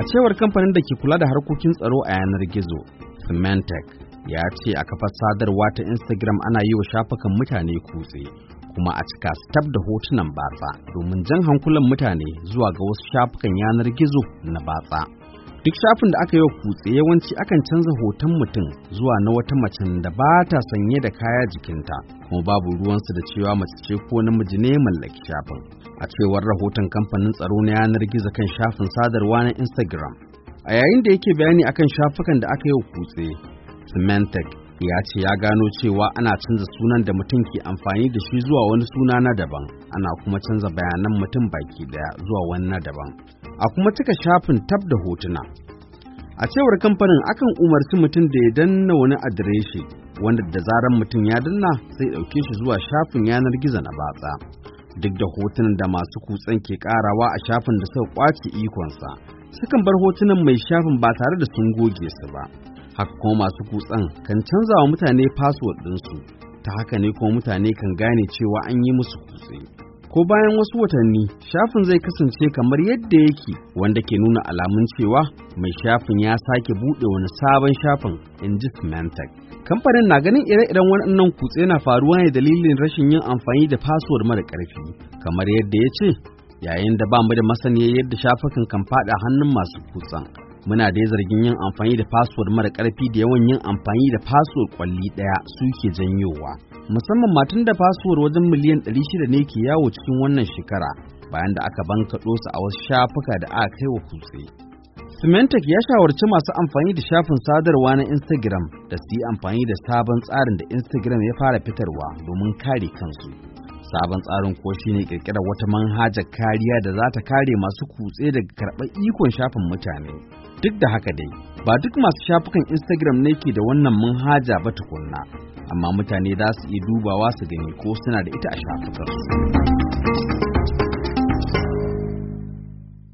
A cewar kamfanin da ke kula da harkokin tsaro a yanar gizo, Symantec, ya ce a kafar sadarwa ta Instagram ana yi wa shafukan mutane kutse, kuma a cika stab da hotunan batsa domin jan hankulan mutane zuwa ga wasu shafukan yanar gizo na batsa. duk shafin da aka yi kutse yawanci akan canza hoton mutum zuwa na wata macen da ba ta sanye da kaya jikinta kuma babu ruwansu da cewa mace ce ko namiji ne mallaki shafin a cewar rahoton kamfanin tsaro na yanar gizo kan shafin sadarwa na instagram a yayin da yake bayani akan shafukan da aka yi kutse symantec ya ce ya gano cewa ana canza sunan da mutum ke amfani da shi zuwa wani suna na daban ana kuma canza bayanan mutum baki daya zuwa wani na daban a kuma cika shafin tab da hotuna a cewar kamfanin akan umarci mutum da ya danna wani adireshi wanda da zaran mutum ya danna sai ɗauke shi zuwa shafin yanar gizo na batsa duk da hotunan da masu kutsen ke karawa a shafin da suka kwace ikonsa sukan bar hotunan mai shafin ba tare da sun goge su ba haka kuma masu kutsan kan canza wa mutane password ɗinsu ta haka ne kuma mutane kan gane cewa an yi musu kutse ko bayan wasu watanni shafin zai kasance kamar yadda yake wanda ke nuna alamun cewa mai shafin ya sake buɗe wani sabon shafin in symantec kamfanin na ganin ire-iren waɗannan kutse na faruwa ne dalilin rashin yin amfani da password mara ƙarfi kamar yadda ya ce yayin da ba mu da masaniyar yadda shafukan kan faɗa hannun masu kutsan muna da zargin yin amfani da fasfod mara karfi da yawan yin amfani da fasfod kwalli ɗaya suke janyowa musamman matan da fasfod wajen miliyan 600 ne ke yawo cikin wannan shekara bayan da aka bankaɗo su a wasu shafuka da aka kai wa kutse Symantec ya shawarci masu amfani da shafin sadarwa na Instagram da su yi amfani da sabon tsarin da Instagram ya fara fitarwa domin kare kansu. sabon tsarin ko ne kirkirar wata manhajar kariya da za ta kare masu kutse daga karɓar ikon shafin mutane duk da haka dai ba duk masu shafukan instagram ne ke da wannan manhaja ba tukunna amma mutane za su iya dubawa su gani ko suna da ita a shafukansu